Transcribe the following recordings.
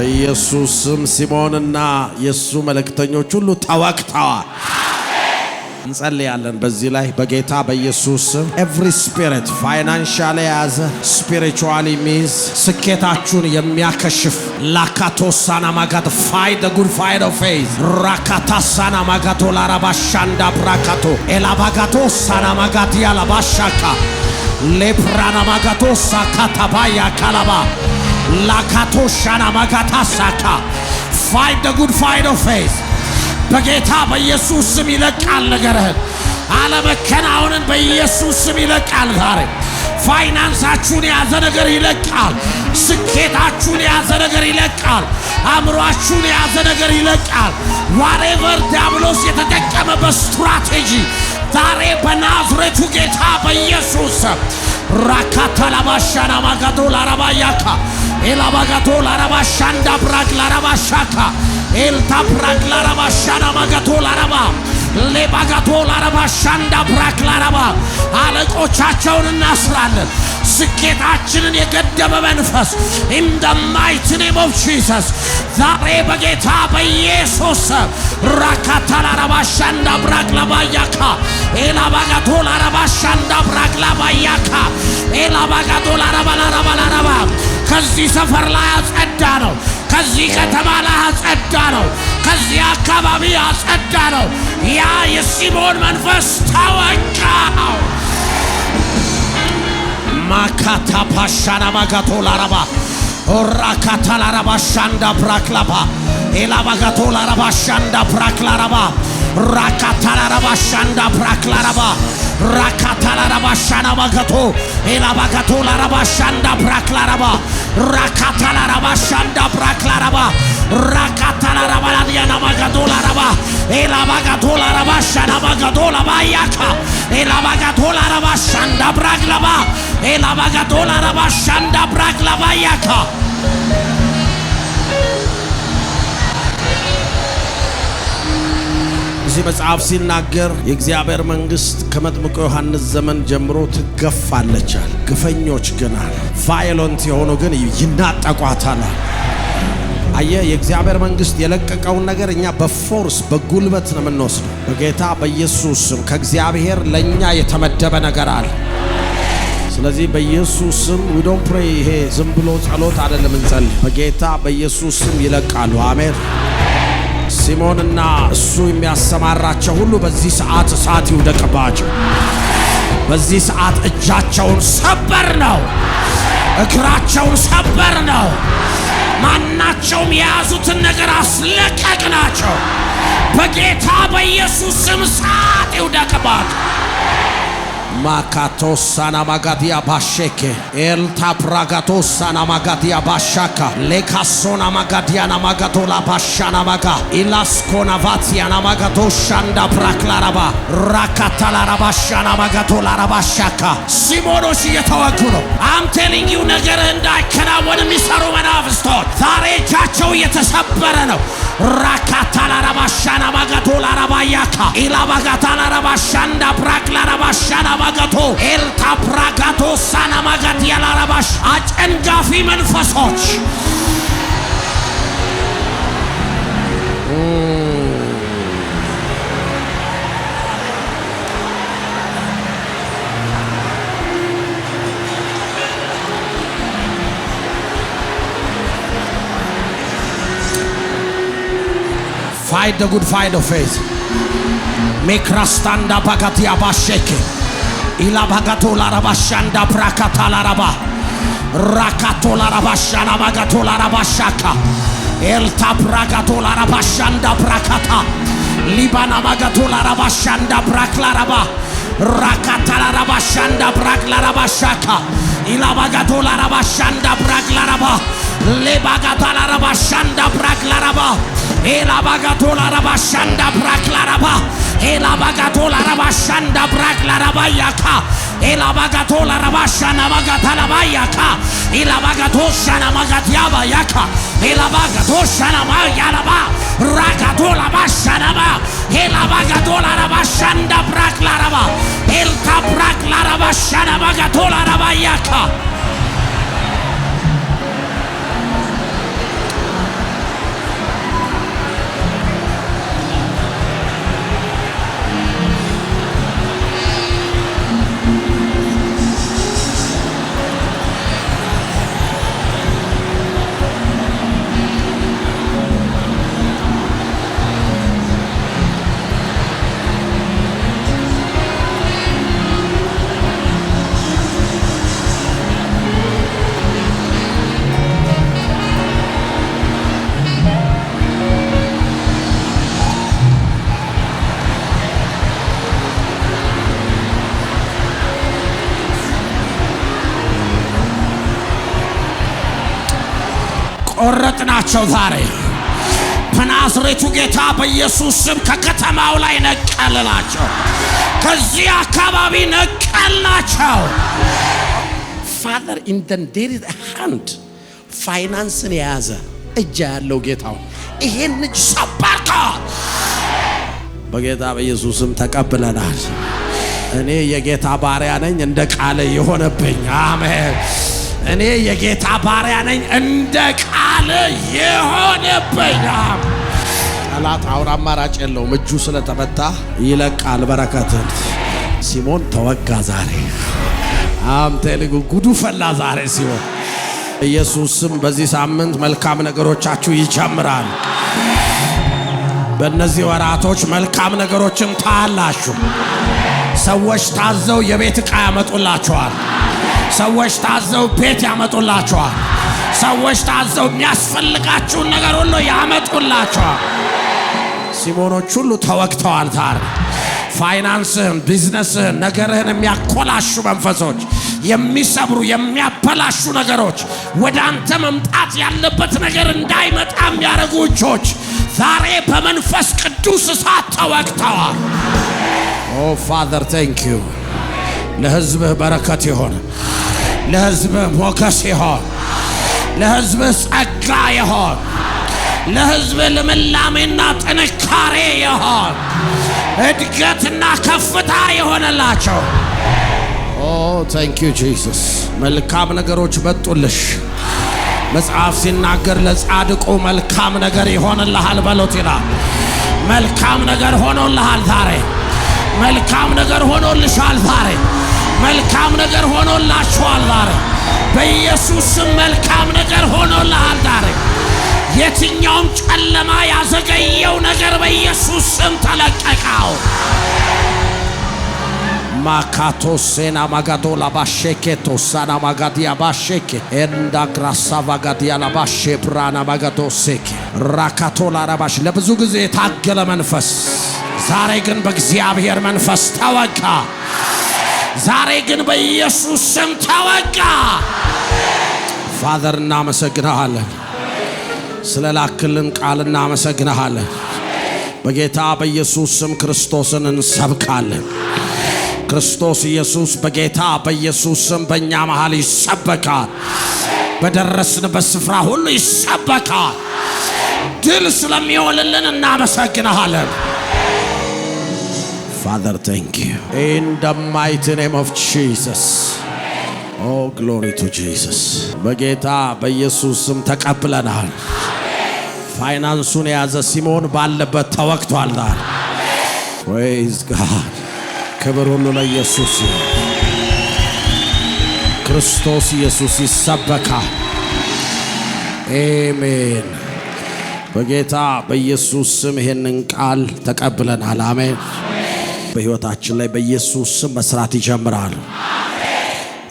በኢየሱስ ስም ሲሞንና የእሱ መልእክተኞች ሁሉ ተወግተዋል። እንጸልያለን በዚህ ላይ በጌታ በኢየሱስ ስም ኤቭሪ ስፒሪት ፋይናንሻል የያዘ ስፒሪቹዋል ሚዝ ስኬታችሁን የሚያከሽፍ ላካቶሳና ማጋቶ ፋይ ጉድ ፋይ ኦፍ ፌዝ ራካታሳና ማጋቶ ላራባሻንዳ ብራካቶ ኤላባጋቶ ሳና ማጋቲ ያላባሻካ ሌፕራና ማጋቶ ሳካታባያ ካላባ ላካቶ ሻና ማካታ ሳካ ፋይት ደ ጉድ ፋይት ኦፍ ፌዝ በጌታ በኢየሱስ ስም ይለቃል ነገርህን፣ አለመከናወንን በኢየሱስ ስም ይለቃል። ዛሬ ፋይናንሳችሁን የያዘ ነገር ይለቃል። ስኬታችሁን የያዘ ነገር ይለቃል። አእምሯችሁን የያዘ ነገር ይለቃል። ዋሬቨር ዲያብሎስ የተጠቀመበት ስትራቴጂ ዛሬ በናዝሬቱ ጌታ በኢየሱስ ራካታ ላባሻና ማጋዶ ላረባያካ elabagatolara başanda bıraklara başaka el tapraklara başana magatolara bak lebagatolara başanda bıraklara bak አለቆቻቸውን እናስራለን ስኬታችንን የገደበ መንፈስ ኢን ደ ማይቲ ኔም ኦፍ ጂሰስ ዛሬ በጌታ በኢየሱስ ራካታ ላረባሻ እንዳብራቅ ለባያካ ኤላባጋቶ ላረባሻ እንዳብራቅ ለባያካ ኤላባጋቶ ላረባ ላረባ ላረባ ከዚህ ሰፈር ላይ አጸዳ ነው። ከዚህ ከተማ ላይ አጸዳ ነው። ከዚህ አካባቢ አጸዳ ነው። ያ የሲሞን መንፈስ ታወቃው። ማካታ ፓሻና ማጋቶ ላረባ ኦራካታ ላረባ ሻንዳ ፕራክላባ ኤላባጋቶ ላረባ ሻንዳ ፕራክላረባ ራካታላራባ ሻንዳ ፕራክላራባ ራካታላራባ ሻናባከቶ ኤላባከቶ ላራባ ሻንዳ ፕራክላራባ ራካታላራባ ሻንዳ ፕራክላራባ ራካታላራባ ላዲያናባከቶ ላራባ ኤላባከቶ ላራባ ሻናባከቶ ላባያካ ኤላባከቶ ላራባ ሻንዳ ፕራክላባ ኤላባከቶ ላራባ ሻንዳ ፕራክላባያካ እዚህ መጽሐፍ ሲናገር የእግዚአብሔር መንግስት ከመጥምቁ ዮሐንስ ዘመን ጀምሮ ትገፋለቻል። ግፈኞች ግን አለ ቫዮለንት የሆኑ ግን ይናጠቋታል። አየ የእግዚአብሔር መንግስት የለቀቀውን ነገር እኛ በፎርስ በጉልበት ነው የምንወስደው። በጌታ በኢየሱስ ስም ከእግዚአብሔር ለእኛ የተመደበ ነገር አለ። ስለዚህ በኢየሱስ ስም ዊ ዶንት ፕሬይ። ይሄ ዝም ብሎ ጸሎት አይደለም እንጸልይ። በጌታ በኢየሱስ ስም ይለቃሉ። አሜን። ሲሞንና እሱ የሚያሰማራቸው ሁሉ በዚህ ሰዓት እሳት ይውደቅባቸው። በዚህ ሰዓት እጃቸውን ሰበር ነው፣ እግራቸውን ሰበር ነው። ማናቸውም የያዙትን ነገር አስለቀቅ ናቸው። በጌታ በኢየሱስ ስም እሳት ይውደቅባቸው። ማካቶሳና ማጋዲያ ባሼኬ ኤልታ ፕራጋቶሳና ማጋዲያ ባሻካ ሌካሶና ማጋዲያና ማጋቶላ ባሻና ማጋ ኢላስኮና ቫቲያና ማጋቶሻንዳ ፕራክላራባ ራካታላራባሻና ማጋቶላራባሻካ ሲሞኖች እየተዋጉ ነው። ሳምቴሊንግ ዩ ነገርህ እንዳይከናወን የሚሰሩ መናፍስቶች ዛሬ እጃቸው እየተሰበረ ነው። ራካታላራባሻና ባገቶ ላራባያካ ኢላባጋታላራባሻንዳ ፕራክ ላራባሻና ባገቶ ኤልታ ፕራጋቶ ሳናማጋት ያላራባሽ አጨንጋፊ መንፈሶች fight the good fight of faith. Mikrastanda bagati abasheke. Ilabagato larabashanda prakata laraba. Rakato larabashana bagato larabashaka. Elta prakato larabashanda prakata. Libana bagato larabashanda praklaraba. Rakata larabashanda praklarabashaka. Rakatarabashanda Braklarabashaka Ilabagatolarabashanda Braklaraba Lebagatarabashanda praklaraba. ኤላባጋቶ ላራባ ሻንዳ ብራክ ላራባ ኤላባጋቶ ላራባ ሻንዳ ብራክ ላራባ ያካ ኤላባጋቶ ላራባ ሻና ማጋታ ላባ ያካ ኤላባጋቶ ሻና ማጋት ያባ ያካ ኤላባጋቶ ሻና ማ ያላባ ራጋቶ ላባ ሻናባ ኤላባጋቶ ላራባ ሻንዳ ብራክ ላራባ ኤልታ ብራክ ላራባ ሻና ማጋቶ ላራባ ያካ ሁለት ናቸው ዛሬ በናዝሬቱ ጌታ በኢየሱስ ስም ከከተማው ላይ ነቀል ናቸው። ከዚህ አካባቢ ነቀል ናቸው። ፋዘር ኢንደንዴሪ ሃንድ ፋይናንስን የያዘ እጅ ያለው ጌታው ይሄን እጅ ሰባርካ በጌታ በኢየሱስ ስም ተቀብለናል። እኔ የጌታ ባሪያ ነኝ፣ እንደ ቃለ የሆነብኝ። አሜን። እኔ የጌታ ባሪያ ነኝ፣ እንደ ቃ ያለ የሆነብኝ ጠላት አሁን አማራጭ የለውም። እጁ ስለተመታ ይለቃል በረከትን። ሲሞን ተወጋ ዛሬ። አምቴልጉ ጉዱ ፈላ ዛሬ ሲሆን ኢየሱስም በዚህ ሳምንት መልካም ነገሮቻችሁ ይጀምራል። በእነዚህ ወራቶች መልካም ነገሮችን ታያላችሁ። ሰዎች ታዘው የቤት ዕቃ ያመጡላችኋል። ሰዎች ታዘው ቤት ያመጡላችኋል። ሰዎች ታዘው የሚያስፈልጋችሁን ነገር ሁሉ ያመጡላችኋል። ሲሞኖች ሁሉ ተወግተዋል። ታር ፋይናንስህን፣ ቢዝነስህን፣ ነገርህን የሚያኮላሹ መንፈሶች፣ የሚሰብሩ የሚያበላሹ ነገሮች፣ ወደ አንተ መምጣት ያለበት ነገር እንዳይመጣ የሚያደርጉ እጆች ዛሬ በመንፈስ ቅዱስ እሳት ተወግተዋል። ኦ ፋዘር ቴንክ ዩ በረከት ይሆን። ለህዝብ ሞገስ ይሆን፣ ለህዝብ ጸጋ ይሆን፣ ለህዝብ ልምላሜና ጥንካሬ ይሆን፣ እድገትና ከፍታ የሆነላቸው። ኦ ታንክ ዩ ጂሰስ። መልካም ነገሮች በጡልሽ መጽሐፍ ሲናገር ለጻድቁ መልካም ነገር ይሆንልሃል በሎት ይላል። መልካም ነገር ሆኖልሃል ዛሬ። መልካም ነገር ሆኖልሻል ዛሬ። መልካም ነገር ሆኖላችኋል ዛሬ በኢየሱስ መልካም ነገር ሆኖልሃል ዛሬ። የትኛውም ጨለማ ያዘገየው ነገር በኢየሱስ ስም ተለቀቀው። ማካቶ ሴና ማጋዶ ላባሼኬቶ ሳና ማጋዲያ ባሼኬ እንዳ ግራሳ ቫጋዲያ ላባሼ ብራና ማጋዶ ሴኬ ራካቶ ላረባሽ ለብዙ ጊዜ የታገለ መንፈስ ዛሬ ግን በእግዚአብሔር መንፈስ ተወጋ። ዛሬ ግን በኢየሱስ ስም ተወጋ። ፋዘር እናመሰግንሃለን፣ ስለ ላክልን ቃል እናመሰግንሃለን። በጌታ በኢየሱስ ስም ክርስቶስን እንሰብካለን። ክርስቶስ ኢየሱስ በጌታ በኢየሱስ ስም በእኛ መሃል ይሰበካል። በደረስን በስፍራ ሁሉ ይሰበካል። ድል ስለሚሆንልን እናመሰግንሃለን። Father, thank you. In the mighty name of Jesus. Oh, glory to Jesus. በጌታ በኢየሱስ ስም ተቀብለናል። ፋይናንሱን የያዘ ሲሞን ባለበት ተወቅቷል። ፕሬዝ ጋድ። ክብር ሁሉ ለኢየሱስ ይሁን። ክርስቶስ ኢየሱስ ይሰበካል። ኤሜን። በጌታ በኢየሱስ ስም ይህንን ቃል ተቀብለናል። አሜን። በሕይወታችን ላይ በኢየሱስ ስም መስራት ይጀምራል።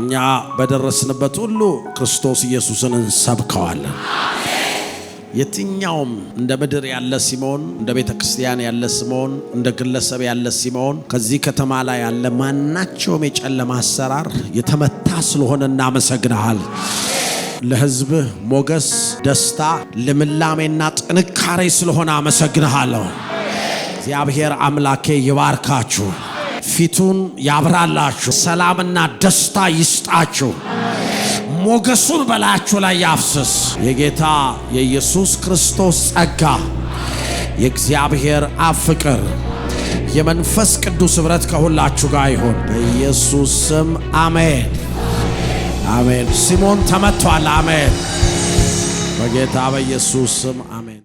እኛ በደረስንበት ሁሉ ክርስቶስ ኢየሱስን እንሰብከዋለን። የትኛውም እንደ ምድር ያለ ሲሞን፣ እንደ ቤተ ክርስቲያን ያለ ሲሞን፣ እንደ ግለሰብ ያለ ሲሞን፣ ከዚህ ከተማ ላይ ያለ ማናቸውም የጨለማ አሰራር የተመታ ስለሆነ እናመሰግናሃል። ለሕዝብህ ሞገስ፣ ደስታ፣ ልምላሜና ጥንካሬ ስለሆነ አመሰግንሃለሁ። እግዚአብሔር አምላኬ ይባርካችሁ፣ ፊቱን ያብራላችሁ፣ ሰላምና ደስታ ይስጣችሁ፣ ሞገሱን በላያችሁ ላይ ያፍስስ። የጌታ የኢየሱስ ክርስቶስ ጸጋ፣ የእግዚአብሔር አብ ፍቅር፣ የመንፈስ ቅዱስ ኅብረት ከሁላችሁ ጋር ይሁን። በኢየሱስ ስም አሜን አሜን። ሲሞን ተመቷል። አሜን። በጌታ በኢየሱስ ስም አሜን።